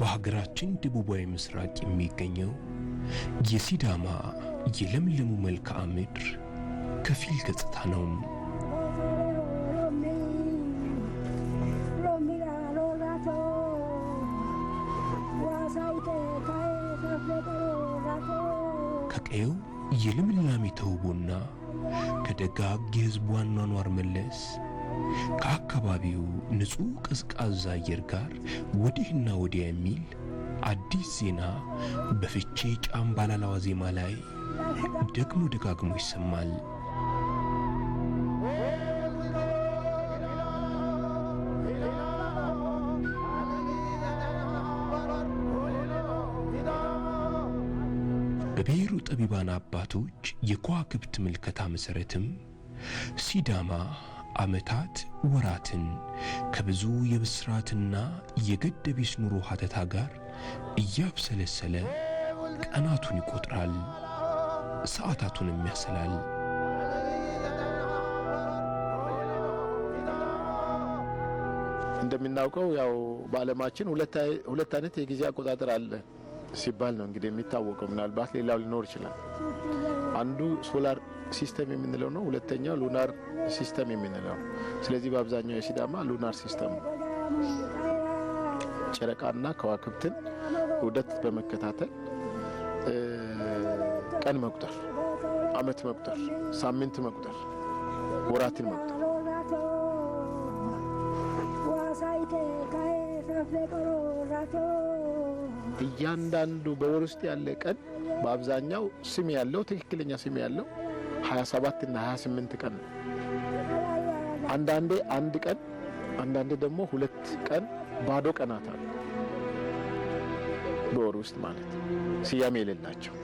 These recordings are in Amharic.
በሀገራችን ደቡባዊ ምስራቅ የሚገኘው የሲዳማ የለምለሙ መልክዓ ምድር ከፊል ገጽታ ነው። ከቀየው የልምላሜ ተውቦና ከደጋግ የሕዝቡ አኗኗር መለስ ከአካባቢው ንጹሕ ቀዝቃዛ አየር ጋር ወዲህና ወዲያ የሚል አዲስ ዜና በፍቼ ጫምባላላዋ ዜማ ላይ ደግሞ ደጋግሞ ይሰማል። በብሔሩ ጠቢባን አባቶች የከዋክብት ምልከታ መሠረትም ሲዳማ ዓመታት ወራትን ከብዙ የብስራትና የግድ ቢስ ኑሮ ሀተታ ጋር እያብሰለሰለ ቀናቱን ይቆጥራል፣ ሰዓታቱንም ያሰላል። እንደምናውቀው ያው በዓለማችን ሁለት አይነት የጊዜ አቆጣጠር አለ ሲባል ነው እንግዲህ የሚታወቀው። ምናልባት ሌላው ሊኖር ይችላል። አንዱ ሶላር ሲስተም የምንለው ነው። ሁለተኛው ሉናር ሲስተም የምንለው ነው። ስለዚህ በአብዛኛው የሲዳማ ሉናር ሲስተም ነው። ጨረቃና ከዋክብትን ውደት በመከታተል ቀን መቁጠር፣ አመት መቁጠር፣ ሳምንት መቁጠር፣ ወራትን መቁጠር እያንዳንዱ በወር ውስጥ ያለ ቀን በአብዛኛው ስም ያለው ትክክለኛ ስም ያለው 27 እና 28 ቀን ነው። አንዳንዴ አንድ ቀን አንዳንዴ ደግሞ ሁለት ቀን ባዶ ቀናት አሉ በወር ውስጥ ማለት ስያሜ የሌላቸው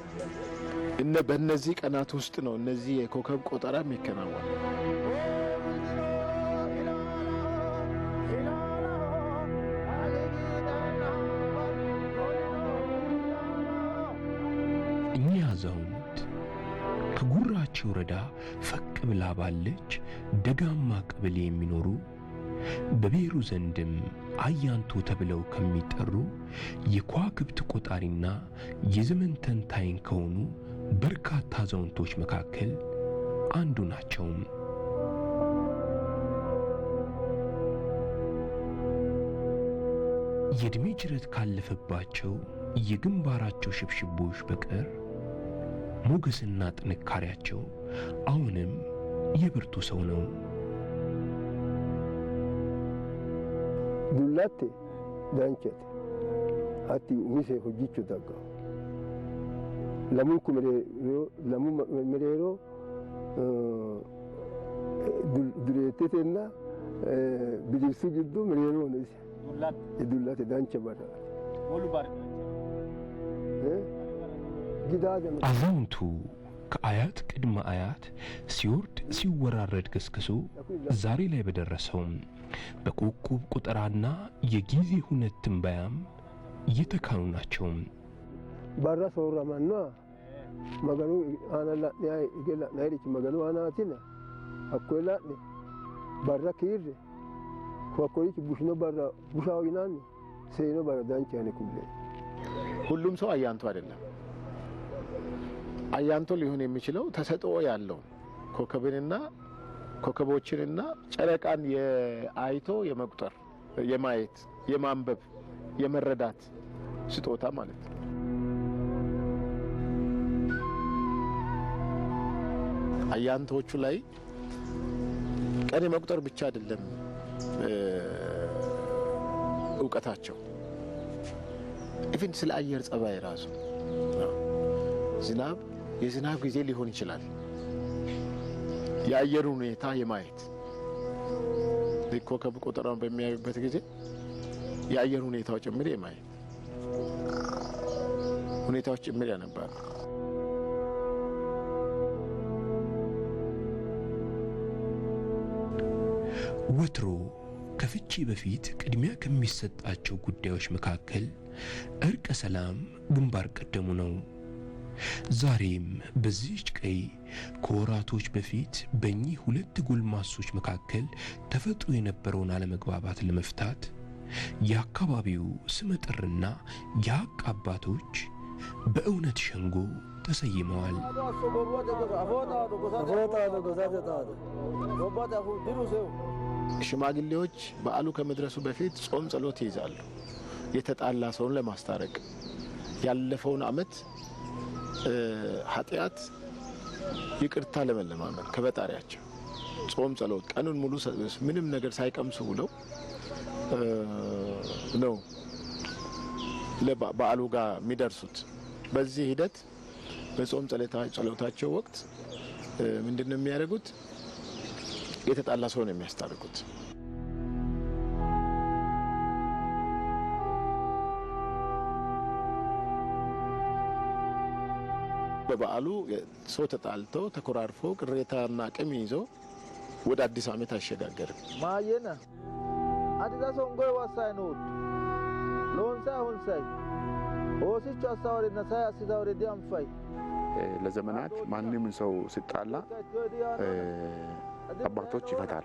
እነ በእነዚህ ቀናት ውስጥ ነው እነዚህ የኮከብ ቆጠራ የሚከናወነው። ወረዳ ፈቅ ብላ ባለች ደጋማ ቀበሌ የሚኖሩ በብሔሩ ዘንድም አያንቱ ተብለው ከሚጠሩ የከዋክብት ቆጣሪና የዘመን ተንታይን ከሆኑ በርካታ አዛውንቶች መካከል አንዱ ናቸው። የእድሜ ጅረት ካለፈባቸው የግንባራቸው ሽብሽቦች በቀር ሞገስና ጥንካሬያቸው አሁንም የብርቱ ሰው ነው። ዱላቴ ዳንቸት አቲ ሚሴ ሆጂቹ ዳጋ ለሙኩ ለሙ መሬሮ ዱሬቴቴና ብድብሱ ግዱ መሬሮ ነ ዱላቴ ዳንቸ ባዳ አዛውንቱ ከአያት ቅድመ አያት ሲወርድ ሲወራረድ ገስግሶ ዛሬ ላይ በደረሰውም በኮከብ ቁጠራና የጊዜ ሁነት ትንበያም እየተካኑ ናቸው። ባራ ሶራማና መገኑ አናላ መገኑ አናቲና አኮላ ባራ ኪር ቡሽኖ ባራ ቡሻዊናን ባራ ዳንቻኔ ሁሉም ሰው አያንቱ አይደለም። አያንቶ ሊሆን የሚችለው ተሰጥኦ ያለው ኮከብንና ኮከቦችንና ጨረቃን አይቶ የመቁጠር የማየት የማንበብ የመረዳት ስጦታ ማለት ነው። አያንቶቹ ላይ ቀን የመቁጠር ብቻ አይደለም እውቀታቸው ኢቭን ስለ አየር ጸባይ ራሱ ዝናብ የዝናብ ጊዜ ሊሆን ይችላል። የአየር ሁኔታ የማየት ኮከብ ቆጠራውን በሚያዩበት ጊዜ የአየር ሁኔታው ጭምር የማየት ሁኔታዎች ጭምር ያነባሉ። ወትሮ ከፍቺ በፊት ቅድሚያ ከሚሰጣቸው ጉዳዮች መካከል እርቀ ሰላም ግንባር ቀደሙ ነው። ዛሬም በዚህች ቀይ ከወራቶች በፊት በእኚህ ሁለት ጎልማሶች መካከል ተፈጥሮ የነበረውን አለመግባባት ለመፍታት የአካባቢው ስመጥርና የሀቅ አባቶች በእውነት ሸንጎ ተሰይመዋል። ሽማግሌዎች በዓሉ ከመድረሱ በፊት ጾም ጸሎት ይይዛሉ። የተጣላ ሰውን ለማስታረቅ ያለፈውን ዓመት ኃጢአት ይቅርታ ለመለማመን ከፈጣሪያቸው ጾም፣ ጸሎት ቀኑን ሙሉ ምንም ነገር ሳይቀምሱ ብለው ነው በዓሉ ጋር የሚደርሱት። በዚህ ሂደት በጾም ጸሎታቸው ወቅት ምንድን ነው የሚያደርጉት? የተጣላ ሰው ነው የሚያስታርቁት። በበዓሉ ሰው ተጣልቶ ተኮራርፎ ቅሬታና ቅም ይዞ ወደ አዲስ ዓመት አይሸጋገርም። ማየነ አዲዛ ሶንጎይ ዋሳይ ነውድ ለወንሳይ ሁንሳይ ኦሲቹ አሳወሬ ነሳይ አሲዛወሬ ዲያምፋይ ለዘመናት ማንም ሰው ሲጣላ አባቶች ይፈታሉ።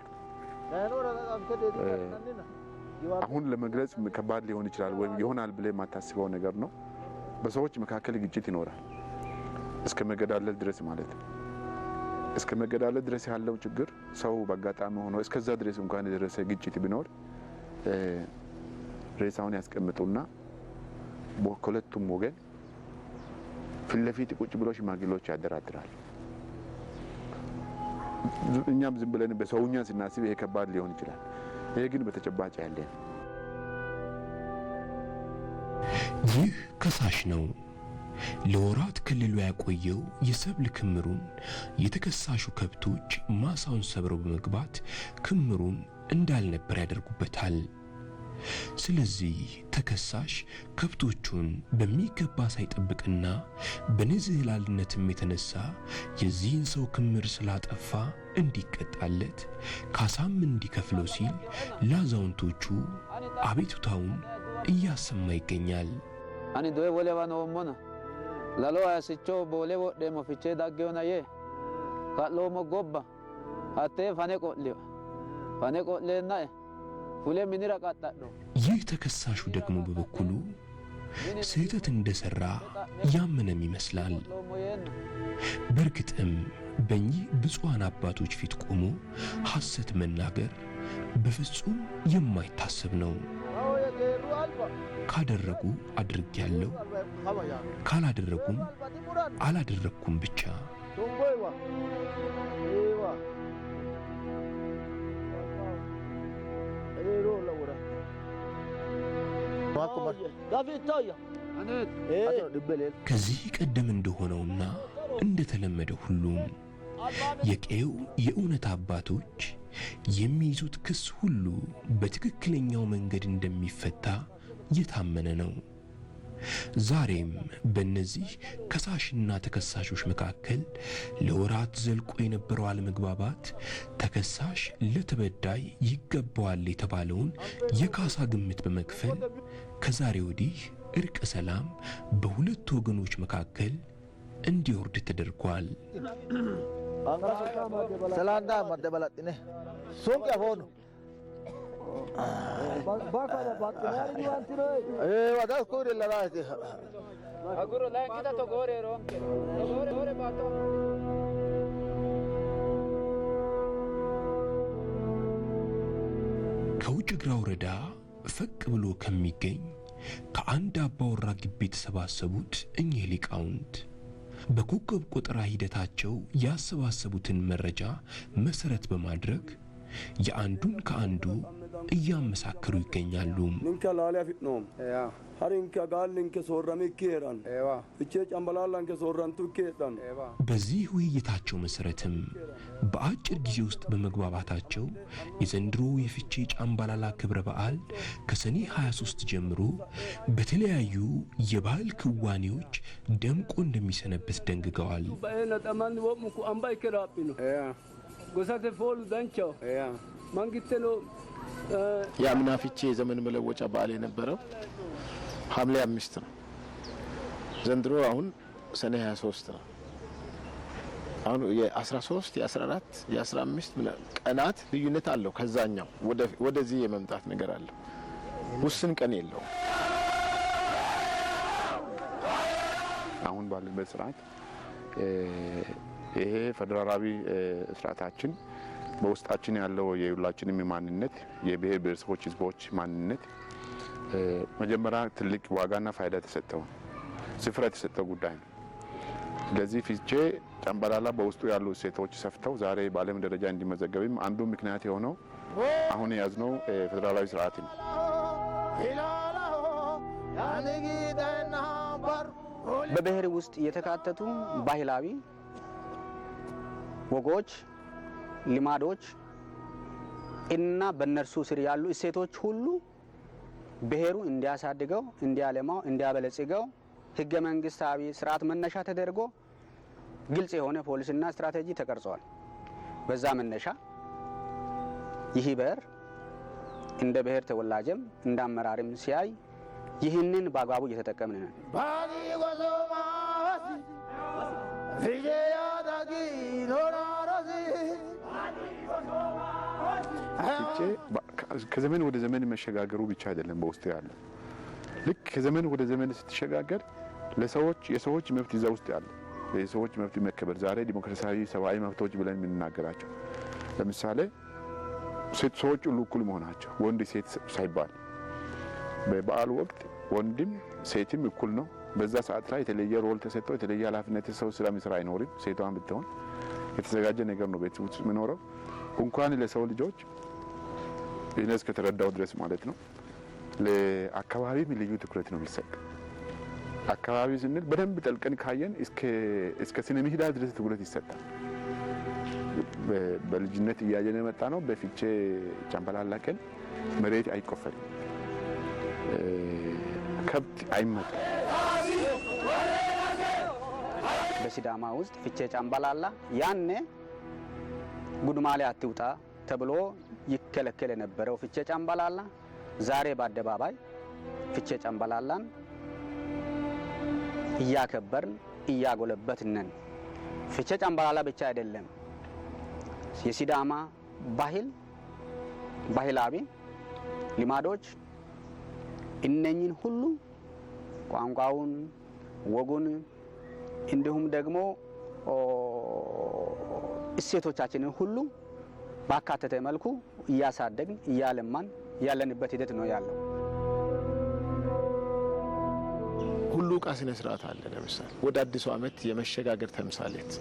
አሁን ለመግለጽ ከባድ ሊሆን ይችላል፣ ወይም ይሆናል ብለ የማታስበው ነገር ነው። በሰዎች መካከል ግጭት ይኖራል። እስከ መገዳለል ድረስ ማለት እስከ መገዳለል ድረስ ያለው ችግር ሰው በአጋጣሚ ሆኖ እስከዛ ድረስ እንኳን የደረሰ ግጭት ቢኖር ሬሳውን ያስቀምጡና ከሁለቱም ወገን ፊት ለፊት ቁጭ ብሎ ሽማግሌዎች ያደራድራል። እኛም ዝም ብለን በሰውኛ ስናስብ ይሄ ከባድ ሊሆን ይችላል። ይሄ ግን በተጨባጭ ያለን ይህ ከሳሽ ነው። ለወራት ክልሉ ያቆየው የሰብል ክምሩን የተከሳሹ ከብቶች ማሳውን ሰብረው በመግባት ክምሩን እንዳልነበር ያደርጉበታል። ስለዚህ ተከሳሽ ከብቶቹን በሚገባ ሳይጠብቅና በንዝህላልነትም የተነሳ የዚህን ሰው ክምር ስላጠፋ እንዲቀጣለት ካሳም እንዲከፍለው ሲል ለአዛውንቶቹ አቤቱታውን እያሰማ ይገኛል። አኔ ዶይ ወለባ ነው ሞና lalo haysicho boole wodheemo fichee daggeyona yee ka'loomo gobba hattee fane qo'liwa fane qo'leennae ሁሌ ምንራ ይህ ተከሳሹ ደግሞ በበኩሉ ስህተት እንደሰራ ያመነም ይመስላል። በእርግጥም በእኚህ ብፁዓን አባቶች ፊት ቆሞ ሐሰት መናገር በፍጹም የማይታሰብ ነው። ካደረጉ አድርግ ያለው ካላደረጉም አላደረግኩም ብቻ። ከዚህ ቀደም እንደሆነውና እንደተለመደ ሁሉም የቄው የእውነት አባቶች የሚይዙት ክስ ሁሉ በትክክለኛው መንገድ እንደሚፈታ የታመነ ነው። ዛሬም በእነዚህ ከሳሽና ተከሳሾች መካከል ለወራት ዘልቆ የነበረው አለመግባባት ተከሳሽ ለተበዳይ ይገባዋል የተባለውን የካሳ ግምት በመክፈል ከዛሬ ወዲህ እርቀ ሰላም በሁለቱ ወገኖች መካከል እንዲወርድ ተደርጓል። ሰላንዳ ከውጭ እግራ ወረዳ ፈቅ ብሎ ከሚገኝ ከአንድ አባወራ ግቢ የተሰባሰቡት እኚህ ሊቃውንት በኮከብ ቆጠራ ሂደታቸው ያሰባሰቡትን መረጃ መሰረት በማድረግ የአንዱን ከአንዱ እያመሳከሩ ይገኛሉ። በዚህ ውይይታቸው መሰረትም በአጭር ጊዜ ውስጥ በመግባባታቸው የዘንድሮ የፍቼ ጫምባላላ ክብረ በዓል ከሰኔ 23 ጀምሮ በተለያዩ የባህል ክዋኔዎች ደምቆ እንደሚሰነበት ደንግገዋል። ጎሳቴ ፎሉ ዳንቻው የአምናፍቼ የዘመን መለወጫ በዓል የነበረው ሐምሌ አምስት ነው። ዘንድሮ አሁን ሰኔ 23 ነው። አሁን የ13 የ14 የ15 ቀናት ልዩነት አለው። ከዛኛው ወደዚህ የመምጣት ነገር አለው። ውስን ቀን የለውም። አሁን ባለበት ስርዓት ይሄ ፌደራላዊ ስርዓታችን በውስጣችን ያለው የሁላችንም ማንነት የብሔር ብሔረሰቦች ህዝቦች ማንነት መጀመሪያ ትልቅ ዋጋና ፋይዳ ተሰጠው ስፍራ የተሰጠው ጉዳይ ነው። ስለዚህ ፊቼ ጨምበላላ በውስጡ ያሉ እሴቶች ሰፍተው ዛሬ በዓለም ደረጃ እንዲመዘገብም አንዱ ምክንያት የሆነው አሁን የያዝነው ፌዴራላዊ ስርዓት ነው። በብሔር ውስጥ የተካተቱ ባህላዊ ወጎች ልማዶች እና በእነርሱ ስር ያሉ እሴቶች ሁሉ ብሔሩ እንዲያሳድገው፣ እንዲያለማው፣ እንዲያበለጽገው ህገ መንግስታዊ ስርዓት መነሻ ተደርጎ ግልጽ የሆነ ፖሊሲና ስትራቴጂ ተቀርጿል። በዛ መነሻ ይህ ብሔር እንደ ብሔር ተወላጅም እንደ አመራርም ሲያይ ይህንን በአግባቡ እየተጠቀምን ነን። መጥቼ ከዘመን ወደ ዘመን መሸጋገሩ ብቻ አይደለም በውስጥ ያለ ልክ ከዘመን ወደ ዘመን ስትሸጋገር ለሰዎች የሰዎች መብት ይዛ ውስጥ ያለ የሰዎች መብት መከበር ዛሬ ዲሞክራሲያዊ ሰብአዊ መብቶች ብለን የምንናገራቸው ለምሳሌ ሰዎች ሁሉ እኩል መሆናቸው ወንድ ሴት ሳይባል በበዓል ወቅት ወንድም ሴትም እኩል ነው። በዛ ሰዓት ላይ የተለየ ሮል ተሰጥቶ የተለየ ኃላፊነት ሰው ስራ የሚሰራ አይኖርም። ሴቷን ብትሆን የተዘጋጀ ነገር ነው ቤት ውስጥ የምኖረው እንኳን ለሰው ልጆች እኔ እስከተረዳው ድረስ ማለት ነው። ለአካባቢም ልዩ ትኩረት ነው የሚሰጥ። አካባቢ ስንል በደንብ ጠልቀን ካየን እስከ ስነ ምህዳር ድረስ ትኩረት ይሰጣል። በልጅነት እያየን የመጣ ነው። በፊቼ ጫምባላላ ቀን መሬት አይቆፈልም፣ ከብት አይመታም። በሲዳማ ውስጥ ፊቼ ጫምባላላ ያኔ ጉድማሌ አትውጣ ተብሎ ይከለከል የነበረው ፍቼ ጫምባላላ ዛሬ በአደባባይ ፍቼ ጫምባላላን እያከበርን እያጎለበትነን። ፍቼ ጫምባላላ ብቻ አይደለም፣ የሲዳማ ባህል ባህላዊ ልማዶች እነኝን ሁሉ ቋንቋውን፣ ወጉን እንዲሁም ደግሞ እሴቶቻችንን ሁሉ ባካተተ መልኩ እያሳደግን እያለማን ያለንበት ሂደት ነው ያለው። ሁሉ እቃ ስነ ስርዓት አለ። ለምሳሌ ወደ አዲሱ ዓመት የመሸጋገር ተምሳሌት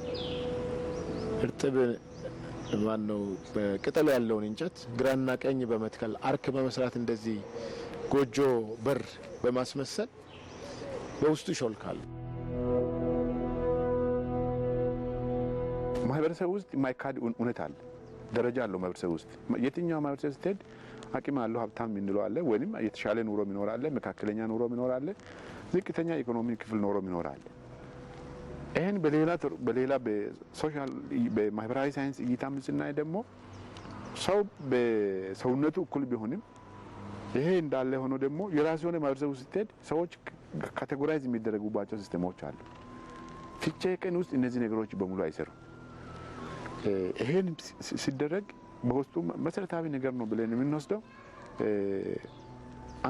እርጥብ ማን ነው ቅጠሉ ያለውን እንጨት ግራና ቀኝ በመትከል አርክ በመስራት እንደዚህ ጎጆ በር በማስመሰል በውስጡ ይሾልካል። ማህበረሰብ ውስጥ የማይካድ እውነት አለ። ደረጃ አለው ማህበረሰብ ውስጥ። የትኛው ማህበረሰብ ስትሄድ አቅም አለው ሀብታም የምንለው አለ፣ ወይም የተሻለ ኑሮ ሚኖር አለ፣ መካከለኛ ኑሮ ሚኖር አለ፣ ዝቅተኛ ኢኮኖሚ ክፍል ኖሮ ሚኖር አለ። ይህን በሌላ በሌላ በሶሻል በማህበራዊ ሳይንስ እይታ ምስናይ ደግሞ ሰው በሰውነቱ እኩል ቢሆንም ይሄ እንዳለ ሆኖ ደግሞ የራሱ የሆነ ውስጥ ስትሄድ ሰዎች ካቴጎራይዝ የሚደረጉባቸው ሲስተሞች አሉ። ፍቼ ቀን ውስጥ እነዚህ ነገሮች በሙሉ አይሰሩም። ይሄን ሲደረግ በውስጡ መሰረታዊ ነገር ነው ብለን የምንወስደው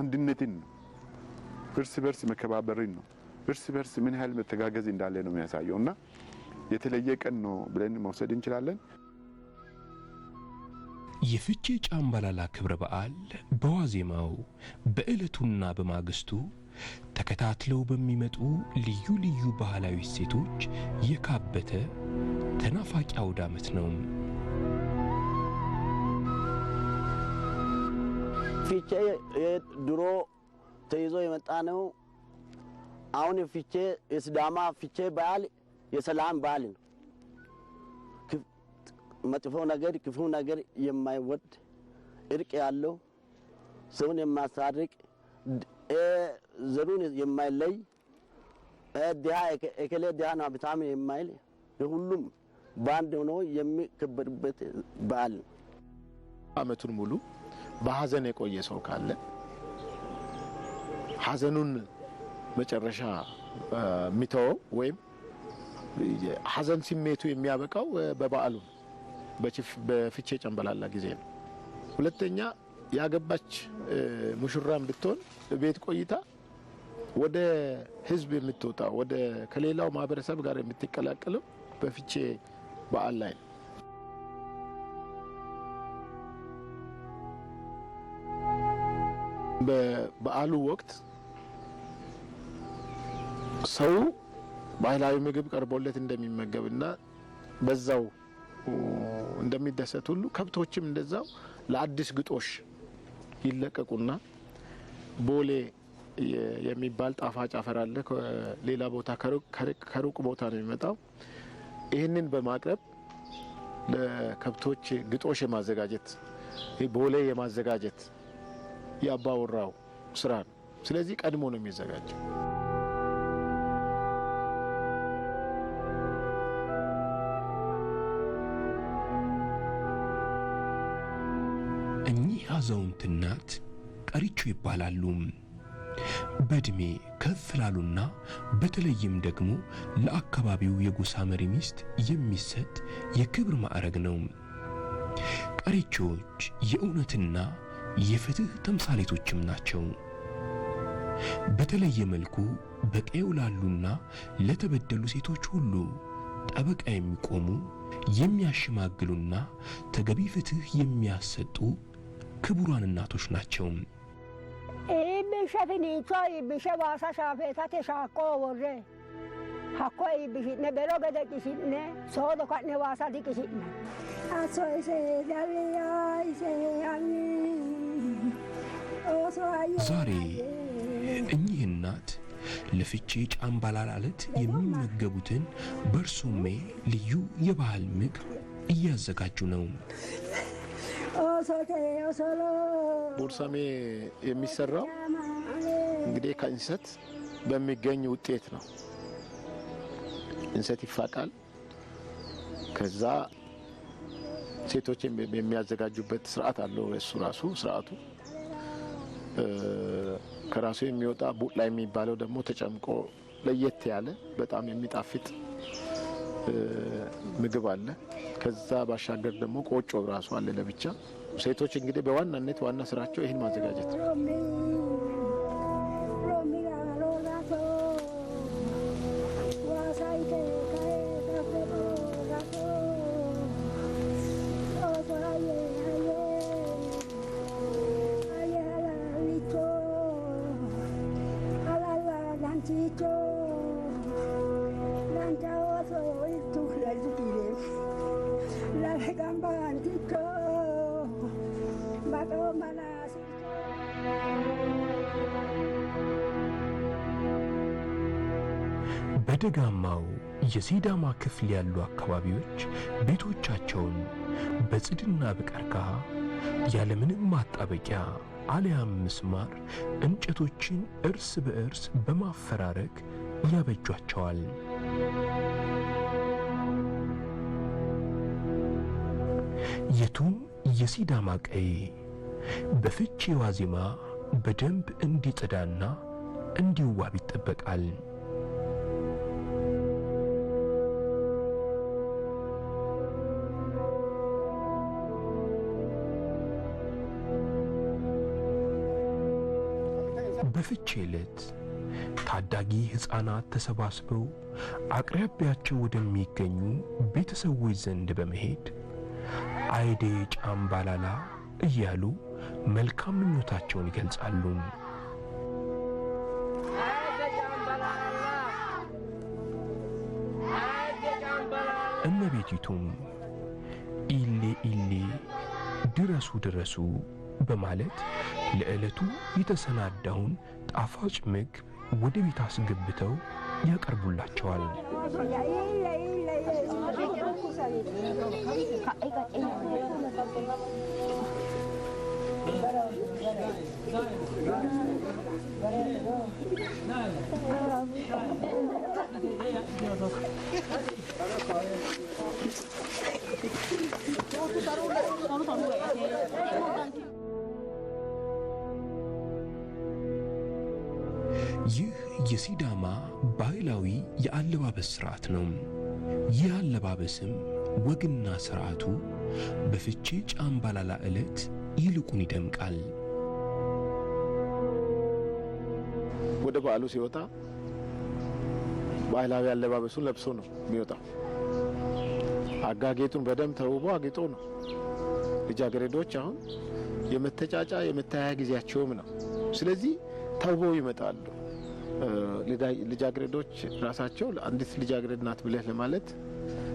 አንድነትን ነው፣ እርስ በርስ መከባበርን ነው፣ እርስ በርስ ምን ያህል መተጋገዝ እንዳለ ነው የሚያሳየው እና የተለየ ቀን ነው ብለን መውሰድ እንችላለን። የፍቼ ጫምባላላ ክብረ በዓል በዋዜማው በዕለቱና በማግስቱ ተከታትለው በሚመጡ ልዩ ልዩ ባህላዊ እሴቶች የካበተ ተናፋቂ አውደ ዓመት ነው። ፊቼ ድሮ ተይዞ የመጣ ነው። አሁን የፊቼ የስዳማ ፊቼ በዓል የሰላም በዓል ነው። መጥፎ ነገር፣ ክፉ ነገር የማይወድ እርቅ ያለው ሰውን የማሳርቅ ዘሩን የማይለይ ዲሃ እከሌ ዲሃ ነው ሀብታም የማይል የሁሉም በአንድ ሆኖ የሚከበርበት በዓል ነው። አመቱን ሙሉ በሀዘን የቆየ ሰው ካለ ሀዘኑን መጨረሻ የሚተወው ወይም ሀዘን ስሜቱ የሚያበቃው በበዓሉ በፍቼ ጨንበላላ ጊዜ ነው። ሁለተኛ ያገባች ሙሽራን ብትሆን ቤት ቆይታ ወደ ህዝብ የምትወጣ ወደ ከሌላው ማህበረሰብ ጋር የምትቀላቀለው በፍቼ በዓል ላይ ነው። በበዓሉ ወቅት ሰው ባህላዊ ምግብ ቀርቦለት እንደሚመገብና በዛው እንደሚደሰት ሁሉ ከብቶችም እንደዛው ለአዲስ ግጦሽ ይለቀቁና ቦሌ የሚባል ጣፋጭ አፈር አለ። ሌላ ቦታ ከሩቅ ቦታ ነው የሚመጣው። ይህንን በማቅረብ ለከብቶች ግጦሽ የማዘጋጀት ቦሌ የማዘጋጀት የአባወራው ስራ ነው። ስለዚህ ቀድሞ ነው የሚዘጋጀው። እኚህ አዛውንት እናት ቀሪቹ ይባላሉ። በእድሜ ከፍ ላሉና በተለይም ደግሞ ለአካባቢው የጎሳ መሪ ሚስት የሚሰጥ የክብር ማዕረግ ነው። ቀሪቾች የእውነትና የፍትህ ተምሳሌቶችም ናቸው። በተለየ መልኩ በቀየው ላሉና ለተበደሉ ሴቶች ሁሉ ጠበቃ የሚቆሙ የሚያሸማግሉና ተገቢ ፍትህ የሚያሰጡ ክቡራን እናቶች ናቸው። ishee finiichoo iibbishe waasa shaafeetate shaakkoo worre hakko iibbishi'ne belo gede qishi'ne soodo ka'ne waasa diqishi'ne asso ዛሬ እኚህ እናት ለፍቼ ጫምባላላለት የሚመገቡትን በርሱሜ ልዩ የባህል ምግብ እያዘጋጁ ነው። ቦርሳሜ የሚሰራው እንግዲህ ከእንሰት በሚገኝ ውጤት ነው። እንሰት ይፋቃል። ከዛ ሴቶች የሚያዘጋጁበት ስርዓት አለው። እሱ ራሱ ስርዓቱ ከራሱ የሚወጣ ቡላ የሚባለው ደግሞ ተጨምቆ ለየት ያለ በጣም የሚጣፍጥ ምግብ አለ። ከዛ ባሻገር ደግሞ ቆጮ ራሱ አለ ለብቻ። ሴቶች እንግዲህ በዋናነት ዋና ስራቸው ይህን ማዘጋጀት ነው። የሲዳማ ክፍል ያሉ አካባቢዎች ቤቶቻቸውን በጽድና በቀርከሃ ያለምንም ማጣበቂያ አሊያም ምስማር እንጨቶችን እርስ በእርስ በማፈራረቅ ያበጇቸዋል። የቱም የሲዳማ ቀይ በፍቼ ዋዜማ በደንብ እንዲጸዳና እንዲዋብ ይጠበቃል። በፍቼ ዕለት ታዳጊ ሕፃናት ተሰባስበው አቅራቢያቸው ወደሚገኙ ቤተሰቦች ዘንድ በመሄድ አይዴ ጫምባላላ እያሉ መልካም ምኞታቸውን ይገልጻሉ። እመቤቲቱም ኢሌ ኢሌ ድረሱ ድረሱ በማለት ለዕለቱ የተሰናዳውን ጣፋጭ ምግብ ወደ ቤት አስገብተው ያቀርቡላቸዋል። የሲዳማ ባህላዊ የአለባበስ ሥርዓት ነው። ይህ አለባበስም ወግና ሥርዓቱ በፍቼ ጫምባላላ ዕለት ይልቁን ይደምቃል። ወደ በዓሉ ሲወጣ ባህላዊ አለባበሱን ለብሶ ነው የሚወጣው። አጋጌጡን በደንብ ተውቦ አጌጦ ነው። ልጃገረዶች አሁን የመተጫጫ የመታያ ጊዜያቸውም ነው። ስለዚህ ተውበው ይመጣሉ። ልጃግረዶች ራሳቸው አንዲት ልጃግረድ ናት ብለህ ለማለት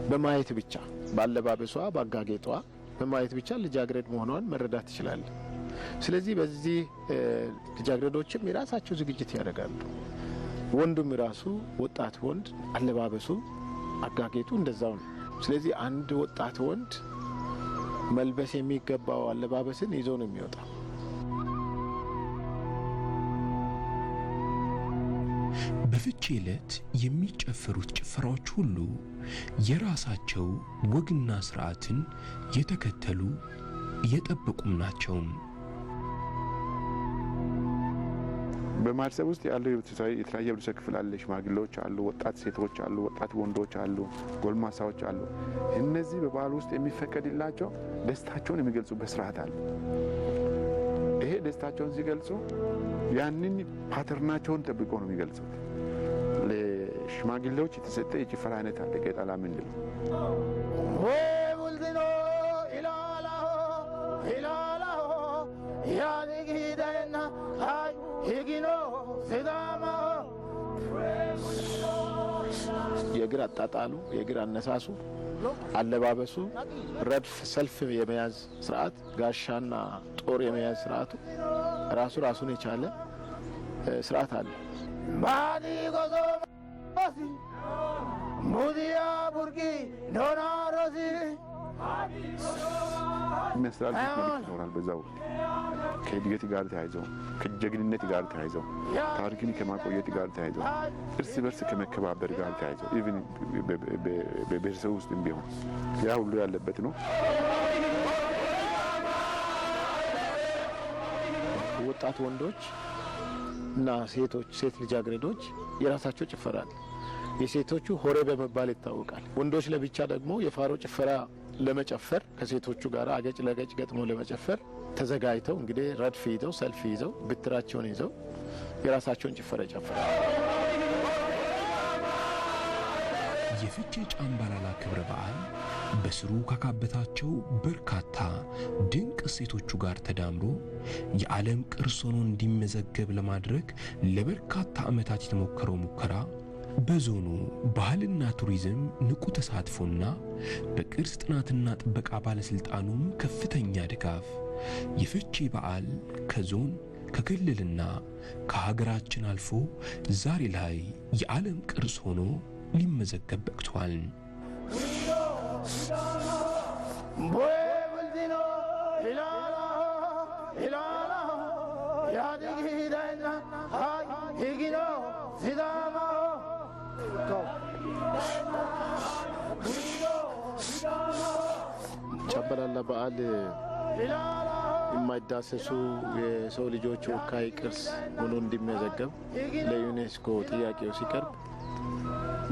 በማየት ብቻ በአለባበሷ፣ በአጋጌጧ በማየት ብቻ ልጃግረድ መሆኗን መረዳት ትችላለህ። ስለዚህ በዚህ ልጃግረዶችም የራሳቸው ዝግጅት ያደርጋሉ። ወንዱም የራሱ ወጣት ወንድ አለባበሱ፣ አጋጌጡ እንደዛው ነው። ስለዚህ አንድ ወጣት ወንድ መልበስ የሚገባው አለባበስን ይዞ ነው የሚወጣው። በፍቺ ዕለት የሚጨፈሩት ጭፈራዎች ሁሉ የራሳቸው ወግና ሥርዓትን የተከተሉ የጠበቁም ናቸው። በማህበረሰብ ውስጥ ያለው የተለያየ ህብረተሰብ ክፍል አለ። ሽማግሌዎች አሉ፣ ወጣት ሴቶች አሉ፣ ወጣት ወንዶች አሉ፣ ጎልማሳዎች አሉ። እነዚህ በበዓል ውስጥ የሚፈቀድላቸው ደስታቸውን የሚገልጹበት ስርዓት አለ። ይሄ ደስታቸውን ሲገልጹ ያንን ፓተርናቸውን ጠብቆ ነው የሚገልጹት። ለሽማግሌዎች የተሰጠ የጭፈራ አይነት አለ። ገጠላ ምንድን የእግር አጣጣሉ፣ የእግር አነሳሱ፣ አለባበሱ፣ ረድፍ ሰልፍ የመያዝ ስርዓት፣ ጋሻና ጦር የመያዝ ስርዓቱ ራሱ ራሱን የቻለ ስርዓት አለ። Rosi, Budia Burgi, Dona Rosi ይመስላል ምልክት ይኖራል። በዛው ከእድገት ጋር ተያይዘው ከጀግንነት ጋር ተያይዘው ታሪክን ከማቆየት ጋር ተያይዘው እርስ በርስ ከመከባበር ጋር ተያይዘው ኢቭን በብሔረሰቡ ውስጥም ቢሆን ያ ሁሉ ያለበት ነው። ወጣት ወንዶች እና ሴቶች ሴት ልጃገረዶች የራሳቸው ጭፈራል የሴቶቹ ሆሬ በመባል ይታወቃል። ወንዶች ለብቻ ደግሞ የፋሮ ጭፈራ ለመጨፈር ከሴቶቹ ጋር አገጭ ለገጭ ገጥሞ ለመጨፈር ተዘጋጅተው እንግዲህ ረድፍ ይዘው ሰልፍ ይዘው ብትራቸውን ይዘው የራሳቸውን ጭፈራ ይጨፍራል። የፍቼ ጫምባላላ ክብረ በዓል በስሩ ካካበታቸው በርካታ ድንቅ እሴቶቹ ጋር ተዳምሮ የዓለም ቅርስ ሆኖ እንዲመዘገብ ለማድረግ ለበርካታ ዓመታት የተሞከረው ሙከራ በዞኑ ባህልና ቱሪዝም ንቁ ተሳትፎና በቅርስ ጥናትና ጥበቃ ባለስልጣኑም ከፍተኛ ድጋፍ የፍቼ በዓል ከዞን ከክልልና ከሀገራችን አልፎ ዛሬ ላይ የዓለም ቅርስ ሆኖ ሊመዘገብ በቅቷል። በአል የማይዳሰሱ የሰው ልጆች ወካይ ቅርስ ሆኖ እንዲመዘገብ ለዩኔስኮ ጥያቄው ሲቀርብ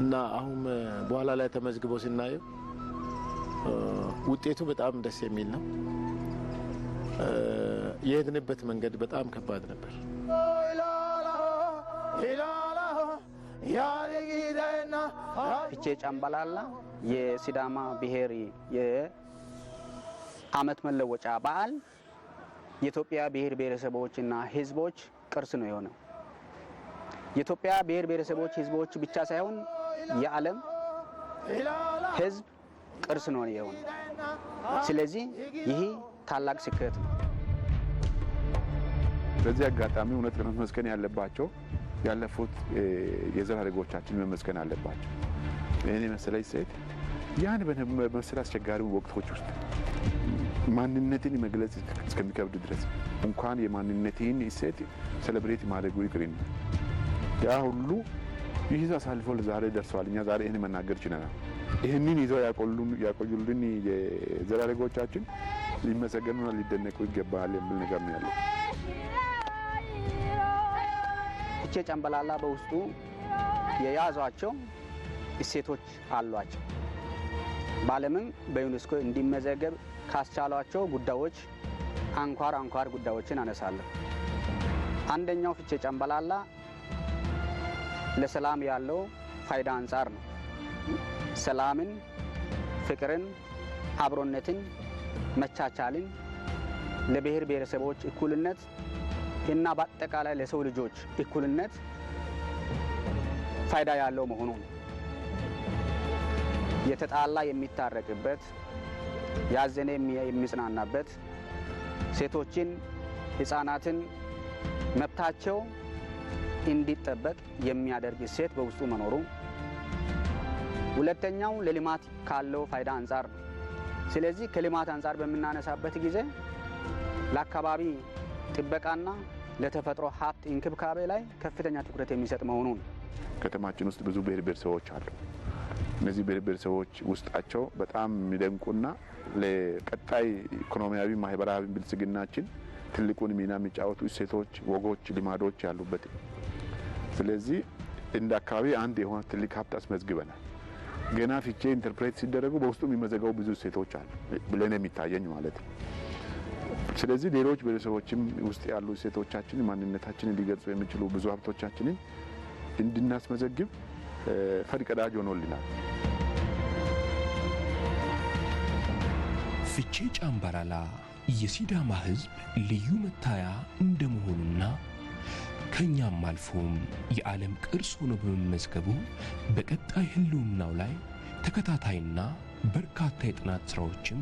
እና አሁን በኋላ ላይ ተመዝግቦ ስናየው ውጤቱ በጣም ደስ የሚል ነው። የሄድንበት መንገድ በጣም ከባድ ነበር። ፊቼ ጫምባላላ የሲዳማ ብሔር አመት መለወጫ በዓል የኢትዮጵያ ብሔር ብሔረሰቦችና ህዝቦች ቅርስ ነው የሆነው። የኢትዮጵያ ብሔር ብሔረሰቦች ህዝቦች ብቻ ሳይሆን የዓለም ህዝብ ቅርስ ነው የሆነ። ስለዚህ ይህ ታላቅ ስኬት ነው። በዚህ አጋጣሚ እውነት ለመመስገን ያለባቸው ያለፉት የዘር ሐረጎቻችን መመስገን አለባቸው። እኔ መሰለኝ ሴት ያን በመሰል አስቸጋሪ ወቅቶች ውስጥ ማንነትን መግለጽ እስከሚከብድ ድረስ እንኳን የማንነትን እሴት ሴሌብሬት ማድረጉ ይቅርን ያ ሁሉ ይህ አሳልፎ ዛሬ ደርሰዋል። እኛ ዛሬ ይህን መናገር ችለናል። ይህንን ይዘው ያቆዩልን የዘላለጎቻችን ሊመሰገኑና ሊደነቁ ይገባል የሚል ነገር ነው ያለው። እቼ ጨንበላላ በውስጡ የያዟቸው እሴቶች አሏቸው። በአለምም በዩኔስኮ እንዲመዘገብ ካስቻሏቸው ጉዳዮች አንኳር አንኳር ጉዳዮችን አነሳለሁ። አንደኛው ፍቼ ጨንበላላ ለሰላም ያለው ፋይዳ አንጻር ነው። ሰላምን፣ ፍቅርን፣ አብሮነትን፣ መቻቻልን ለብሔር ብሔረሰቦች እኩልነት እና በአጠቃላይ ለሰው ልጆች እኩልነት ፋይዳ ያለው መሆኑን የተጣላ የሚታረቅበት ያዘነ የሚጽናናበት፣ ሴቶችን፣ ህፃናትን መብታቸው እንዲጠበቅ የሚያደርግ እሴት በውስጡ መኖሩ፣ ሁለተኛው ለልማት ካለው ፋይዳ አንጻር ነው። ስለዚህ ከልማት አንጻር በምናነሳበት ጊዜ ለአካባቢ ጥበቃና ለተፈጥሮ ሀብት እንክብካቤ ላይ ከፍተኛ ትኩረት የሚሰጥ መሆኑን ከተማችን ውስጥ ብዙ ብሔር ብሔረሰቦች አሉ። እነዚህ ብሔር ብሔረሰቦች ውስጣቸው በጣም የሚደንቁና ለቀጣይ ኢኮኖሚያዊ ማህበራዊ ብልጽግናችን ትልቁን ሚና የሚጫወቱ እሴቶች፣ ወጎች፣ ልማዶች ያሉበት ስለዚህ እንደ አካባቢ አንድ የሆነ ትልቅ ሀብት አስመዝግበናል። ገና ፊቼ ኢንተርፕሬት ሲደረጉ በውስጡ የሚመዘገቡ ብዙ እሴቶች አሉ ብለን የሚታየኝ ማለት ነው። ስለዚህ ሌሎች ብሔረሰቦችም ውስጥ ያሉ እሴቶቻችን ማንነታችንን ሊገልጹ የሚችሉ ብዙ ሀብቶቻችንን እንድናስመዘግብ ፈድቀዳጅ ቀዳጅ ሆኖልናል። ፍቼ ጫምባላላ የሲዳማ ሕዝብ ልዩ መታያ እንደመሆኑና ከኛም አልፎም የዓለም ቅርስ ሆኖ በመመዝገቡ በቀጣይ ህልውናው ላይ ተከታታይና በርካታ የጥናት ሥራዎችም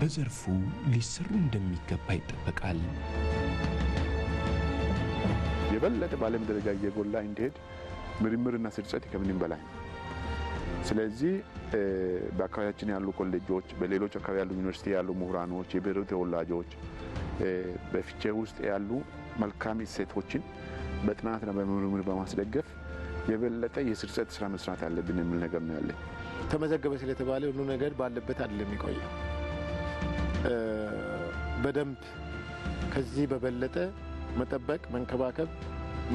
በዘርፉ ሊሰሩ እንደሚገባ ይጠበቃል። የበለጠ በዓለም ደረጃ እየጎላ እንዲሄድ ምርምርና ስርጸት ከምንም በላይ ነው። ስለዚህ በአካባቢያችን ያሉ ኮሌጆች፣ በሌሎች አካባቢ ያሉ ዩኒቨርሲቲ ያሉ ምሁራኖች፣ የብሔሩ ተወላጆች በፊቼ ውስጥ ያሉ መልካም እሴቶችን በጥናትና በምርምር በማስደገፍ የበለጠ የስርጸት ስራ መስራት አለብን የሚል ነገር ነው ያለን። ተመዘገበ ስለተባለ ሁሉ ነገር ባለበት አይደለም የሚቆየው። በደንብ ከዚህ በበለጠ መጠበቅ፣ መንከባከብ፣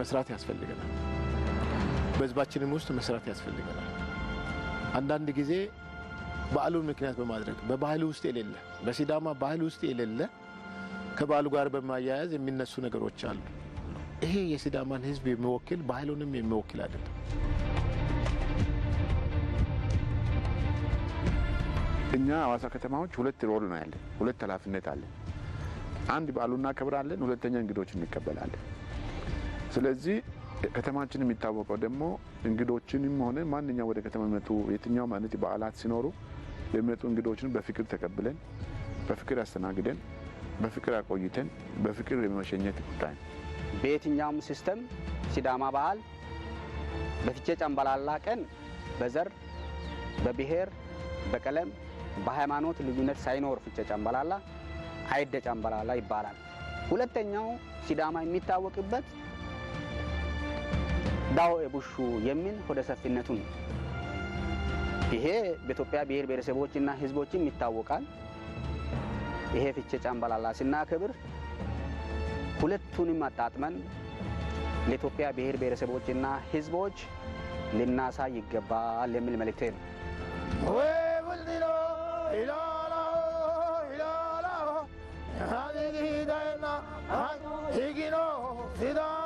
መስራት ያስፈልገናል። በህዝባችንም ውስጥ መስራት ያስፈልገናል። አንዳንድ ጊዜ በዓሉን ምክንያት በማድረግ በባህል ውስጥ የሌለ በሲዳማ ባህል ውስጥ የሌለ ከበዓሉ ጋር በማያያዝ የሚነሱ ነገሮች አሉ። ይሄ የሲዳማን ህዝብ የሚወክል ባህሉንም የሚወክል አይደለም። እኛ ሀዋሳ ከተማዎች ሁለት ሮል ነው ያለን፣ ሁለት ኃላፊነት አለን። አንድ በዓሉ እናከብራለን፣ ሁለተኛ እንግዶች እንቀበላለን። ስለዚህ ከተማችን የሚታወቀው ደግሞ እንግዶችንም ሆነ ማንኛው ወደ ከተማ የሚመጡ የትኛውም አይነት በዓላት ሲኖሩ የሚመጡ እንግዶችን በፍቅር ተቀብለን በፍቅር አስተናግደን በፍቅር አቆይተን በፍቅር የመሸኘት ጉዳይ ነው። በየትኛውም ሲስተም ሲዳማ በዓል በፊቼ ጨምበላላ ቀን በዘር፣ በብሔር፣ በቀለም፣ በሃይማኖት ልዩነት ሳይኖር ፍቼ ጨምበላላ አይደ ጨምበላላ ይባላል። ሁለተኛው ሲዳማ የሚታወቅበት ዳው የቡሹ የሚል ወደ ሰፊነቱ ነው። ይሄ በኢትዮጵያ ብሔር ብሔረሰቦችና ህዝቦችም ይታወቃል። ይሄ ፍቼ ጫምባላላ ስናከብር ሁለቱንም አጣጥመን ለኢትዮጵያ ብሔር ብሔረሰቦችና ህዝቦች ልናሳይ ይገባል የሚል መልእክቴ ነው። ሲዳ